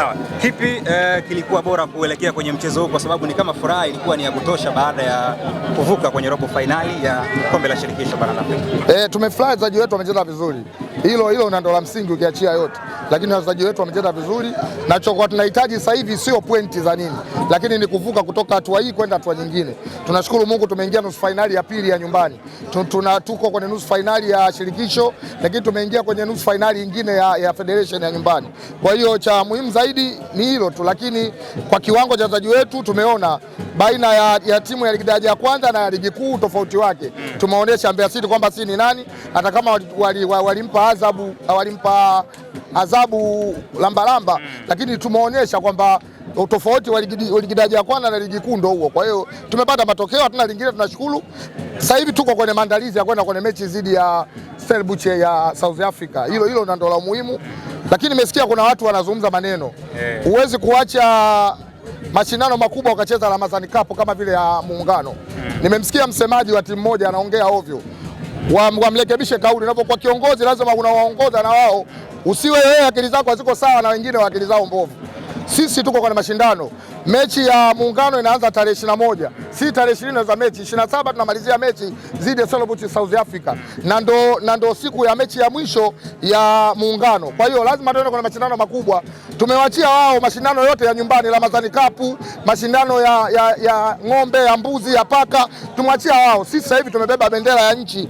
Sawa, kipi eh, kilikuwa bora kuelekea kwenye mchezo huu, kwa sababu ni kama furaha ilikuwa ni ya kutosha baada ya kuvuka kwenye robo fainali ya kombe la shirikisho barani Afrika? Eh, tumefurahi wachezaji wetu wamecheza vizuri hilo hilo ndo la msingi ukiachia yote, lakini wachezaji wetu wamecheza vizuri, na chokuwa tunahitaji sasa hivi sio pointi za nini, lakini ni kuvuka kutoka hatua hii kwenda hatua nyingine. Tunashukuru Mungu tumeingia nusu fainali ya pili ya nyumbani, tuna tuko kwenye nusu fainali ya shirikisho, lakini tumeingia kwenye nusu fainali nyingine ya, ya federation ya nyumbani. Kwa hiyo cha muhimu zaidi ni hilo tu, lakini kwa kiwango cha wachezaji wetu tumeona baina ya, ya timu ya ligi daraja ya kwanza na ya ligi kuu tofauti wake. Tumeonyesha Mbeya City kwamba si ni nani, hata kama walimpa wali, wali hawakumpa adhabu, hawalimpa adhabu lambalamba mm. Lakini tumeonyesha kwamba utofauti wa ligi daraja ya kwanza na ligi kuu ndio huo. Kwa hiyo tumepata matokeo, hatuna lingine, tunashukuru. Sasa hivi tuko kwenye maandalizi ya kwenda kwenye mechi dhidi ya Stellenbosch ya South Africa. Hilo hilo ndio la muhimu, lakini nimesikia kuna watu wanazungumza maneno yeah. Huwezi kuacha mashindano makubwa ukacheza Ramadhani Cup kama vile ya Muungano. Hmm. Nimemsikia msemaji wa timu moja anaongea ovyo wamrekebishe kauli. Unapokuwa kiongozi, lazima unawaongoza na wao, usiwe wewe akili zako haziko sawa na wengine wa akili zao mbovu. Sisi tuko kwenye mashindano. Mechi ya muungano inaanza tarehe ishirini na moja si tarehe ishirini naanza mechi ishirini na saba tunamalizia mechi dhidi ya South Africa, na ndo na ndo siku ya mechi ya mwisho ya muungano. Kwa hiyo lazima tuende kwenye mashindano makubwa. Tumewachia wao mashindano yote ya nyumbani, Ramadhani Cup, mashindano ya, ya, ya ng'ombe ya mbuzi ya paka, tumewachia wao. Sisi sasa hivi tumebeba bendera ya nchi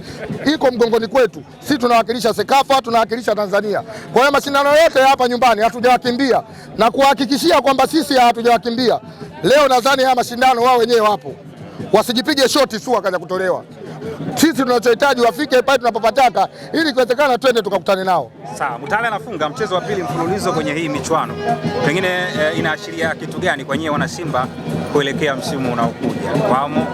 iko mgongoni kwetu, sisi tunawakilisha Sekafa, tunawakilisha Tanzania. Kwa hiyo mashindano yote hapa nyumbani hatujawakimbia na kuhakikishia kwamba sisi hatujawakimbia kuwasaidia. Leo nadhani haya mashindano wao wenyewe wapo, wasijipige shoti tu wakaja kutolewa. Sisi tunachohitaji wafike pale tunapopataka, ili ikiwezekana twende tukakutane nao. Sawa, Mutale anafunga mchezo wa pili mfululizo kwenye hii michuano, pengine e, inaashiria kitu gani kwa nyie wana Simba kuelekea msimu unaokuja wamo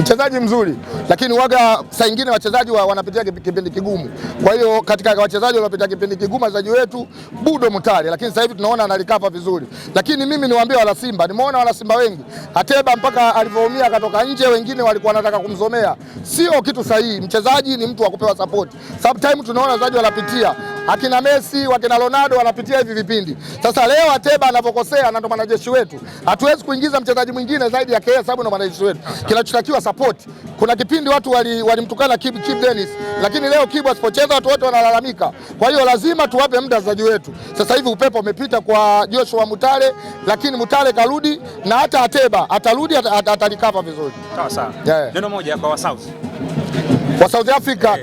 mchezaji mzuri, lakini waga saa nyingine wachezaji wa, wanapitia kipindi kigumu. Kwa hiyo katika wachezaji waliopitia kipindi kigumu wachezaji wetu Budo Mutale, lakini sasa hivi tunaona analikapa vizuri. Lakini mimi niwaambie wala Simba, nimeona wala Simba wengi Ateba mpaka alivyoumia akatoka nje, wengine walikuwa wanataka kumzomea. Sio kitu sahihi. Mchezaji ni mtu wa kupewa support. Sometimes tunaona wachezaji wanapitia akina Messi, wakina Ronaldo wanapitia hivi vipindi. Sasa leo Ateba anapokosea na ndo mwanajeshi wetu, hatuwezi kuingiza mchezaji mwingine zaidi ya Kea sababu ndo mwanajeshi wetu. Kinachotakiwa support. Kuna kipindi watu walimtukana wali Kib, Kib Dennis, lakini leo Kib asipocheza watu wote wanalalamika. Kwa hiyo lazima tuwape muda wachezaji wetu. Sasa hivi upepo umepita kwa Joshua Mutale, lakini Mutale karudi na hata Ateba atarudi atalikapa vizuri. Sawa sawa. Yeah. Neno moja kwa South. Kwa South Africa eh.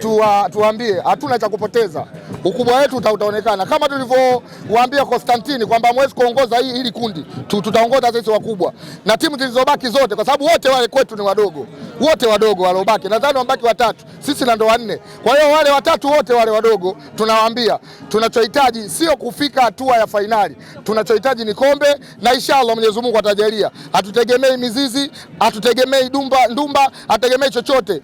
tuwaambie hatuna cha kupoteza ukubwa wetu utaonekana kama tulivyowaambia Konstantini kwamba mwezi kuongoza hii hili kundi, tutaongoza sisi wakubwa na timu zilizobaki zote, kwa sababu wote wale kwetu ni wadogo, wote wadogo waliobaki. Nadhani wabaki watatu, sisi na ndo wanne. Kwa hiyo wale watatu wote wale wadogo, tunawaambia tunachohitaji sio kufika hatua ya fainali, tunachohitaji ni kombe, na inshallah Mwenyezi Mungu atajalia. Hatutegemei mizizi, hatutegemei dumba ndumba, hatutegemei chochote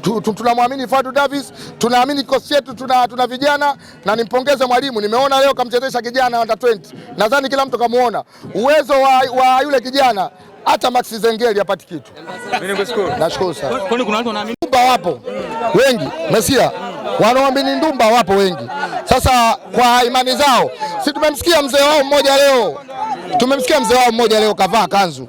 tunamwamini Fadu Davis, tunaamini kikosi chetu, tuna, tuna vijana na nimpongeze mwalimu. Nimeona leo kamchezesha kijana under 20, nadhani kila mtu kamuona uwezo wa, wa yule kijana hata Max Zengeli apati kitu. Nashukuru sana. Kwani kuna watu wanaamini Ndumba? Wapo wengi Mesia, wanaamini Ndumba wapo wengi. Sasa kwa imani zao, si tumemsikia mzee wao mmoja leo, tumemsikia mzee wao mmoja leo kavaa kanzu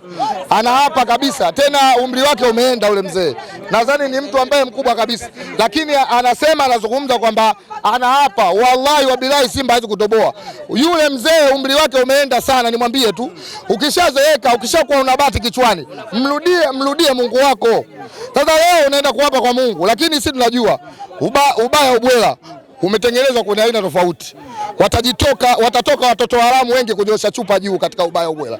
hapa kabisa, tena umri wake umeenda ule mzee, nadhani ni mtu ambaye mkubwa kabisa, lakini anasema anazungumza kwamba hapa, wallahi wabilahi, Simba hawezi kutoboa. Yule mzee umri wake umeenda sana, nimwambie tu, ukishazeeka ukishakuwa una bati kichwani, mrudie mrudie Mungu wako. Sasa leo unaenda kuapa kwa Mungu, lakini si tunajua uba, ubaya ubwela umetengenezwa kwenye aina tofauti. Watajitoka, watatoka watoto haramu wengi kujosha chupa juu katika ubaya ubwela,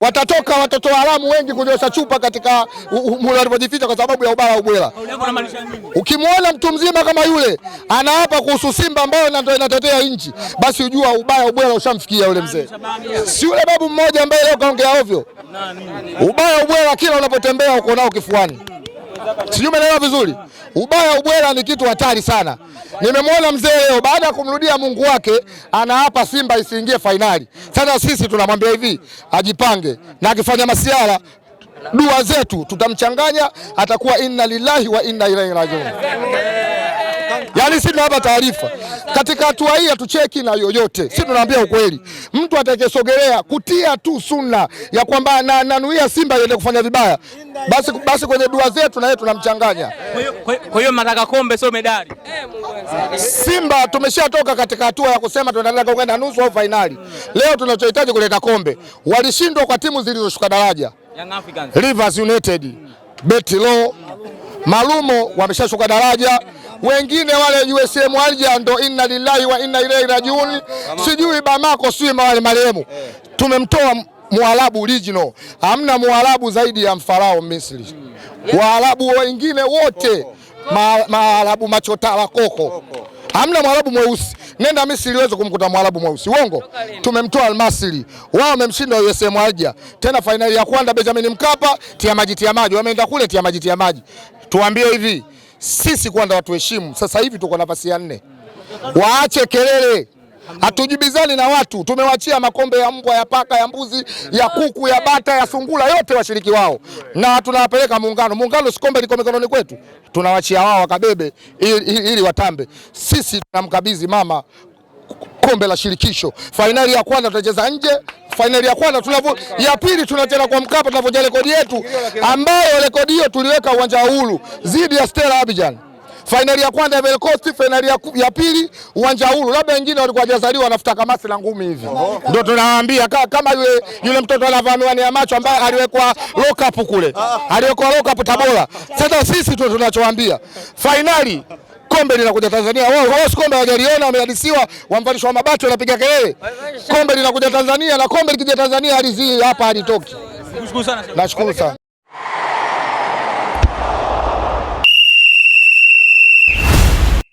watatoka watoto haramu wengi kujosha chupa katika walipojificha kwa sababu ya ubaya ubwela. Ukimwona mtu mzima kama yule anaapa kuhusu Simba ambayo ndio inatetea nchi, basi ujua ubaya ubwela ushamfikia yule mzee. Si yule babu mmoja ambaye leo kaongea ovyo. Ubaya ubwela kila unapotembea uko nao kifuani, sijui umeelewa vizuri. Ubaya ubwela ni kitu hatari sana. Nimemwona mzee leo baada ya kumrudia Mungu wake anaapa Simba isiingie fainali. Sasa sisi tunamwambia hivi, ajipange na akifanya masiara dua zetu tutamchanganya, atakuwa inna lillahi wa inna ilaihi rajiun yaani sisi tunawapa taarifa katika hatua hii, hatucheki na yoyote, sisi tunaambia ukweli. Mtu atakayesogelea kutia tu sunna ya kwamba ananuia Simba iende kufanya vibaya, basi basi kwenye dua zetu na yeye tunamchanganya. Kwa hiyo mnataka kombe, sio medali. Simba tumeshatoka katika hatua ya kusema tunataka kwenda nusu au fainali. Leo tunachohitaji kuleta kombe. Walishindwa kwa timu zilizoshuka daraja, Young Africans, Rivers United, Betilo, Malumo wameshashuka daraja wengine wale USM Alger ndo inna lillahi wa inna ilaihi rajiun, sijui Bamako, sijui wale marehemu. Eh. Tumemtoa Mwarabu original, hamna Mwarabu zaidi ya mfarao Misri. Waarabu hmm. wengine wote Maarabu machotara koko, hamna Mwarabu mweusi. Nenda Misri uweze kumkuta Mwarabu mweusi, uongo. Tumemtoa Almasri, wao wamemshinda USM Alger, tena fainali ya kwanza Benjamin Mkapa. Tia maji tia maji, wameenda kule tia maji tia maji. Tuambie hivi sisi kwanza watuheshimu. Sasa hivi tuko nafasi ya nne, waache kelele, hatujibizani na watu. Tumewachia makombe ya mbwa, ya paka, ya mbuzi, ya kuku, ya bata, ya sungura, yote washiriki wao, na tunawapeleka Muungano. Muungano si kombe liko mikononi kwetu, tunawachia wao wakabebe ili, ili watambe. Sisi tunamkabidhi mama kombe la shirikisho. Fainali ya kwanza tutacheza nje fainali ya kwanza tunavu, ya pili tunacheza kwa Mkapa, tunavunja rekodi yetu ambayo rekodi hiyo tuliweka uwanja wa Uhuru dhidi ya Stella Abidjan fainali ya kwanza Ivory Coast, fainali ya, ya pili uwanja huu. Labda wengine walikuwa wajazaliwa wanafuta kamasi la ngumi hivi, ndio tunawaambia kama yule, yule mtoto anavaa miwani ya macho ambaye aliwekwa lock up kule, ah. aliwekwa lock up Tabora. Sasa sisi tu tunachowaambia fainali kombe linakuja Tanzania. Wao wao kombe hawajaliona, wamehadisiwa, wamvalishwa mabati wanapiga kelele. Kombe linakuja Tanzania, na kombe likija Tanzania alizii hapa halitoki. Nashukuru sana.